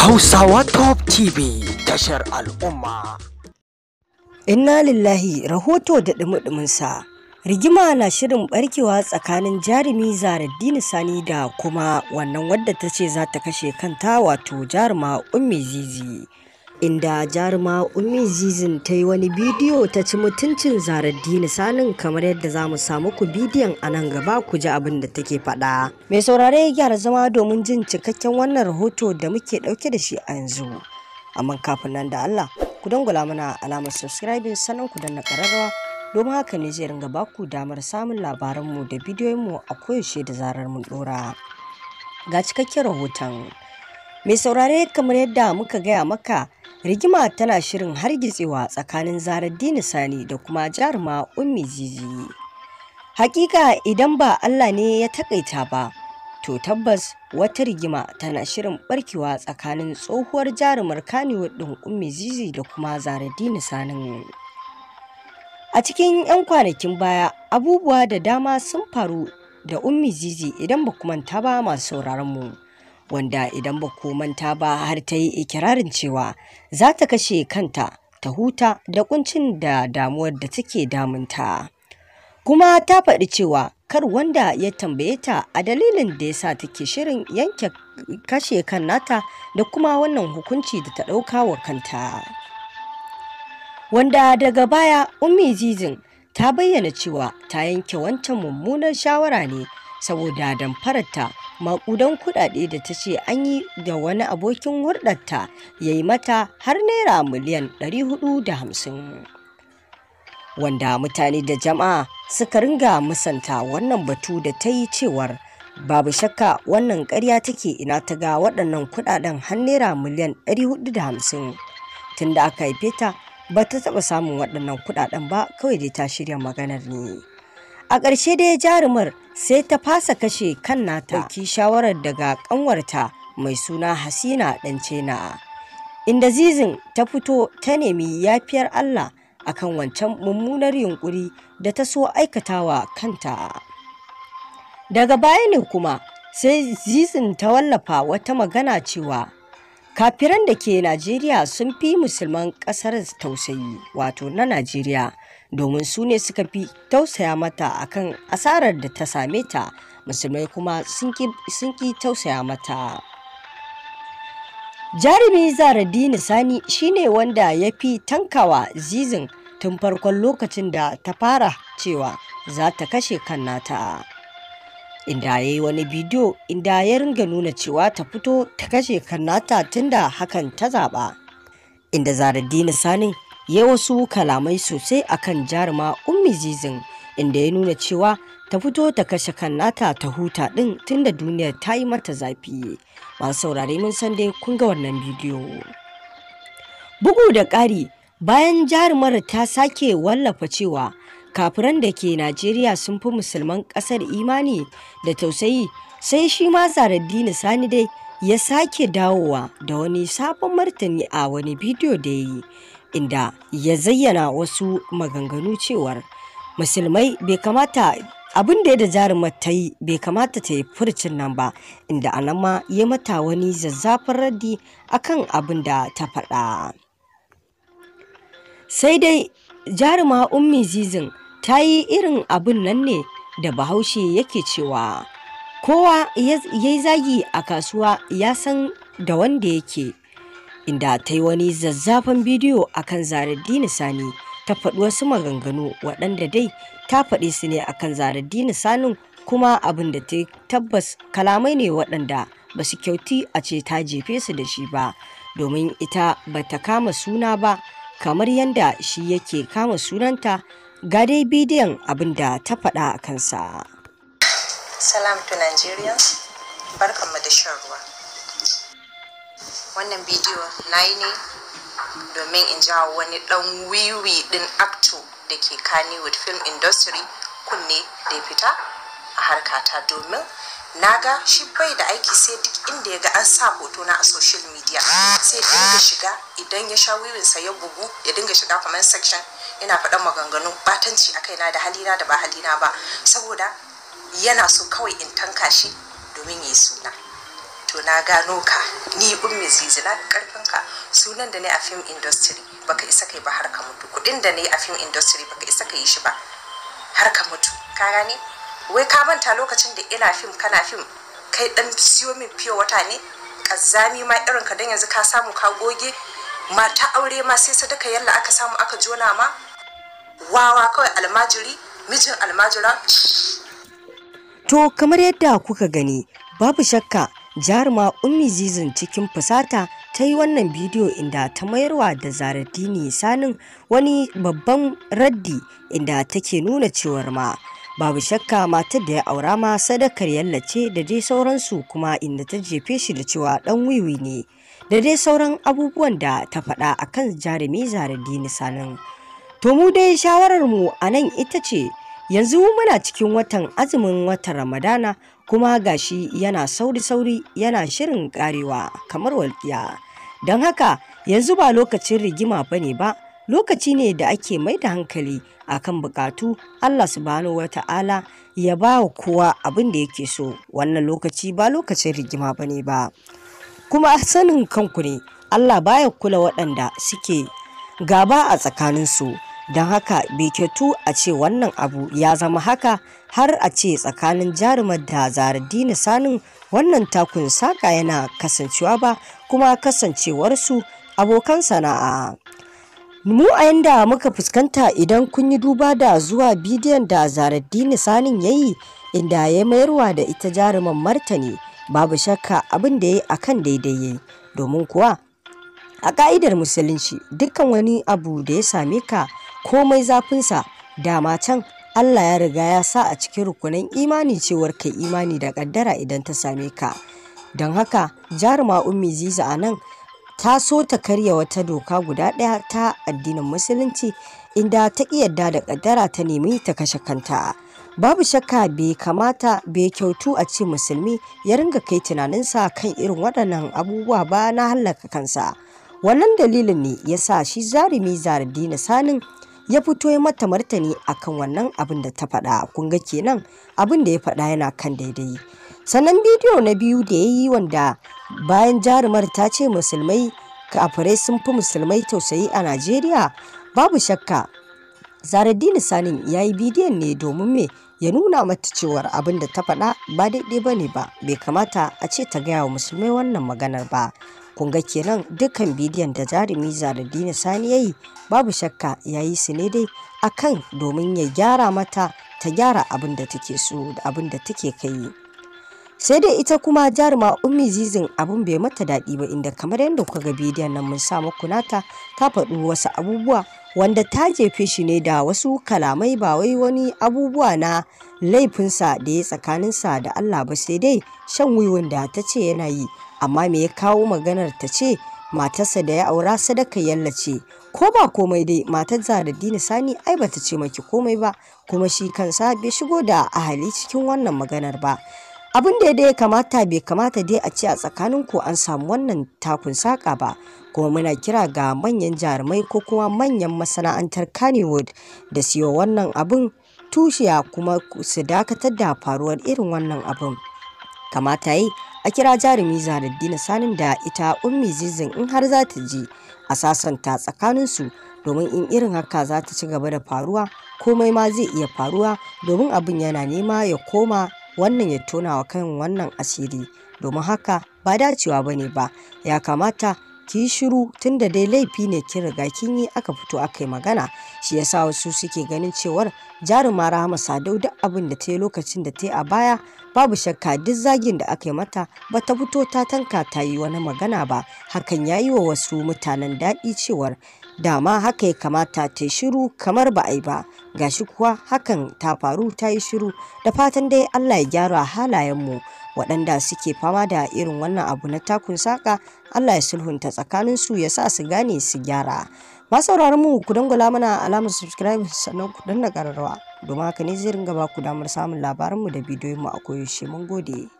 Hausawa Top TV tashar al'umma. Inna lillahi rahoto da ɗumuɗuminsa, Rigima na shirin barkewa tsakanin jarumi Zaraddini Sani da kuma wannan wadda ta ce za ta kashe kanta wato jaruma Ummi Zizi. inda jaruma umi zizin ta yi wani bidiyo ta ci mutuncin zarar zaraddini sanin kamar yadda za mu samu ku bidiyon a nan gaba ku ji abin da take faɗa mai saurare gyara zama domin jin cikakken wannan rahoto da muke ɗauke da shi a yanzu amma kafin nan da allah ku dangula mana alamar subscribing sannan ku danna ƙararrawa domin haka ne zai ringa baku damar samun labaranmu da bidiyoyinmu a koyaushe da zarar mun ɗora ga cikakken rahoton mai saurare kamar yadda muka gaya maka rigima tana shirin hargitsewa tsakanin zaraddini sani da kuma jaruma ummi jijiri hakika idan ba allah ne ya takaita ba to tabbas wata rigima tana shirin barkewa tsakanin tsohuwar jarumar kaniwood ɗin ummi zizi da kuma zaraddini Sani. a cikin 'yan kwanakin baya abubuwa da dama sun faru da ummi zizi idan ba manta ba masu sauraron mu wanda idan ba ku manta ba har ta yi ikirarin cewa za ta kashe kanta ta huta da kuncin da damuwar da take damunta. Kuma ta faɗi cewa kar wanda ya tambaye ta a dalilin da ya sa take shirin yanke kashe kan nata da kuma wannan hukunci da ta ɗauka wa kanta. Wanda daga baya Ummi Zizin ta bayyana cewa ta yanke wancan mummunar shawara ne saboda damfararta maƙudan kuɗaɗe da ta ce an yi da wani abokin hurɗarta ya yi mata har naira miliyan 450 wanda mutane da jama'a suka ringa musanta wannan batu da ta yi cewar babu shakka wannan karya take ina ta ga waɗannan kuɗaɗen har naira miliyan 450 tun da aka haife ta ba ta taɓa samun waɗannan kuɗaɗen ba kawai dai ta shirya maganar ne. a ƙarshe dai jarumar sai ta fasa kashe kan nata ɗauki shawarar daga ƙanwarta mai suna hasina na. inda zizin ta fito ta nemi yafiyar allah akan wancan mummunar yunƙuri da ta so aikatawa kanta daga baya ne kuma sai zizin ta wallafa wata magana cewa kafiran da ke najeriya sun fi musulman ƙasar tausayi wato na najeriya domin su ne suka fi tausaya mata akan asarar da ta same ta musulmai kuma sun ki tausaya mata jarumi zaradini sani shine wanda ya fi tankawa zizin tun farkon lokacin da ta fara cewa za ta kashe kan nata inda ya yi wani bidiyo inda ya ringa nuna cewa ta fito ta kashe kan nata tunda hakan ta zaba, inda zaradini sani ya wasu kalamai sosai akan jaruma ummi zizin inda ya nuna cewa ta fito ta kashe kan nata ta huta din tunda duniyar ta yi mata zafi masu saurare mun san dai kun ga wannan bidiyo bugu da ƙari bayan jarumar ta sake wallafa cewa kafiran da ke najeriya sun fi musulman ƙasar imani da tausayi sai shi ma zaraddini sani dai ya sake dawowa da wani sabon martani a wani bidiyo da ya yi inda ya zayyana wasu maganganu cewar musulmai bai kamata abin da da jarumar ta yi bai kamata ta yi furcin nan ba inda anan ma ya mata wani zazzafin raddi akan abin da ta faɗa sai dai jaruma ummi zizin ta yi irin abin nan ne da bahaushe yake cewa kowa ya yi zagi a kasuwa ya san da wanda yake inda ta yi wani zazzafan bidiyo akan Zaraddini Sani ta faɗi wasu maganganu waɗanda dai ta faɗi su ne akan Zaraddini sani kuma abin da ta tabbas kalamai ne waɗanda ba su kyauti a ce ta jefe su da shi ba domin ita ba ta kama suna ba kamar yadda shi yake kama sunanta ga dai bidiyon abin da ta faɗa a kansa. Salam to Nigerians, barkanmu da shan ruwa. wannan bidiyo na yi ne domin in jawo wani dan wiwi din acto da ke kannywood film industry kunne da ya fita a harkata domin na ga shi bai da aiki sai duk inda ya ga an sa hoto na a social media sai dinga shiga idan ya sha wiwinsa ya bugu ya dinga shiga comment section yana faɗan maganganun batanci a kaina da halina da ba halina ba saboda yana so kawai in tanka shi domin ya yi suna to na gano ka ni ummi zizi na karfin ka sunan da ne a film industry baka isa kai ba har ka mutu kudin da ne a film industry baka isa kai shi ba har ka mutu ka gane wai ka manta lokacin da ina film kana film kai dan siyo min fiye wata ne kazzami ma irin ka dan yanzu ka samu ka goge mata aure ma sai sadaka yalla aka samu aka jona ma wawa kawai almajiri mijin almajira to kamar yadda kuka gani babu shakka jaruma ummi zizin cikin fusata ta yi wannan bidiyo inda ta mayarwa da zaradini sanin wani babban raddi inda take nuna cewar ma babu shakka matar da ya aura ma sadakar yallace da dai sauransu kuma inda ta jefe shi da cewa dan wiwi ne da dai sauran abubuwan da ta faɗa akan jarumi zaradini sanin to mu dai shawararmu a nan ita ce yanzu muna cikin watan azumin watan ramadana kuma gashi yana sauri-sauri yana shirin karewa kamar walƙiya don haka yanzu ba lokacin rigima ba ne ba lokaci ne da ake mai da hankali akan bukatu allah subhanahu wa ta'ala ya ba wa kowa abin da yake so wannan lokaci ba lokacin rigima ba ne ba kuma sanin kanku ne allah baya kula waɗanda suke gaba a tsakaninsu don haka bai kyautu a ce wannan abu ya zama haka har a ce tsakanin jarumar da zaradini sanin wannan takun saka yana kasancewa ba kuma kasancewarsu abokan sana'a mu a yanda muka fuskanta idan kun yi duba da zuwa bidiyon da zaradini sanin ya yi inda ya mayarwa da ita jaruman martani babu shakka abin da ya yi akan daidai ya yi domin kuwa a ka'idar musulunci dukkan wani abu da ya same ka komai zafinsa dama can Allah ya riga ya sa a cikin rukunin imani cewar kai imani da kaddara idan ta same ka don haka jaruma ummi ziza a nan ta so ta karya wata doka guda ɗaya ta addinin musulunci inda ta iya yarda da kaddara ta nemi ta kashe kanta babu shakka bai kamata bai kyautu a ce musulmi ya ringa kai tunaninsa kan irin waɗannan abubuwa ba na hallaka kansa wannan dalilin ne ya sa shi zarumi dina sanin ya fito ya mata martani akan wannan abin da ta faɗa kun ga kenan abin da ya faɗa yana kan daidai sannan bidiyo na biyu da ya yi wanda bayan jarumar ta ce musulmai kafirai sun fi musulmai tausayi a najeriya babu shakka zaradini sanin ya yi bidiyon ne domin me ya nuna mata cewar abin da ta faɗa ba daidai ba ne ba bai kamata a ce ta gaya wa musulmai wannan maganar ba kun kenan dukkan bidiyon da jarumi zaradina sani ya yi babu shakka ya yi su ne dai akan domin ya gyara mata ta gyara abin da take so da abin da take kai sai dai ita kuma jaruma ummi zizin abin bai mata daɗi ba inda kamar yadda kuka ga bidiyon nan mun sa muku nata ta faɗi wasu abubuwa wanda ta jefe shi ne da wasu kalamai ba wai wani abubuwa na laifinsa da ya tsakaninsa da Allah ba sai dai shan wiwin da ta ce yana yi amma me ya kawo maganar ta ce matarsa da ya aura sadaka yalla ce ko ba komai dai matar dina sani ai ba ta ce maki komai ba kuma shi kansa bai shigo da ahali cikin wannan maganar ba abin da ya kamata bai kamata dai a ce a tsakanin ku an samu wannan takun saka ba kuma muna kira ga manyan jarumai ko kuma manyan masana'antar Kannywood da siyo wannan abun tushiya kuma su dakatar da faruwar irin wannan abin Kamata yi a kira jarumi Zaharaddina Sanin da ita Ummi Zizin in har za ta ji a sasanta tsakaninsu domin in irin haka za ta ci gaba da faruwa komai ma zai iya faruwa domin abin yana nema ya koma wannan ya tona wa kan wannan asiri domin haka ba dacewa bane ba ya kamata ki shiru tun da dai laifi ne kin riga kin yi aka fito aka yi magana shi yasa wasu suke ganin cewar jaruma rahama sadau duk abin da ta yi lokacin da ta yi a baya babu shakka duk zagin da aka yi mata ba ta fito ta tanka ta yi wani magana ba hakan ya yi wa wasu mutanen daɗi cewar dama haka ya kamata ta yi shiru kamar ba a yi ba gashi kuwa hakan ta faru ta yi shiru da fatan dai allah ya gyara halayenmu waɗanda suke fama da irin wannan abu na takun saka allah ya sulhunta tsakaninsu ya sa su gane su gyara masauraran mu ku dangula mana alamar subscribe sannan ku danna ƙararrawa domin haka ne zai ringa ba ku damar samun labaranmu da bidiyonmu a koyaushe mun gode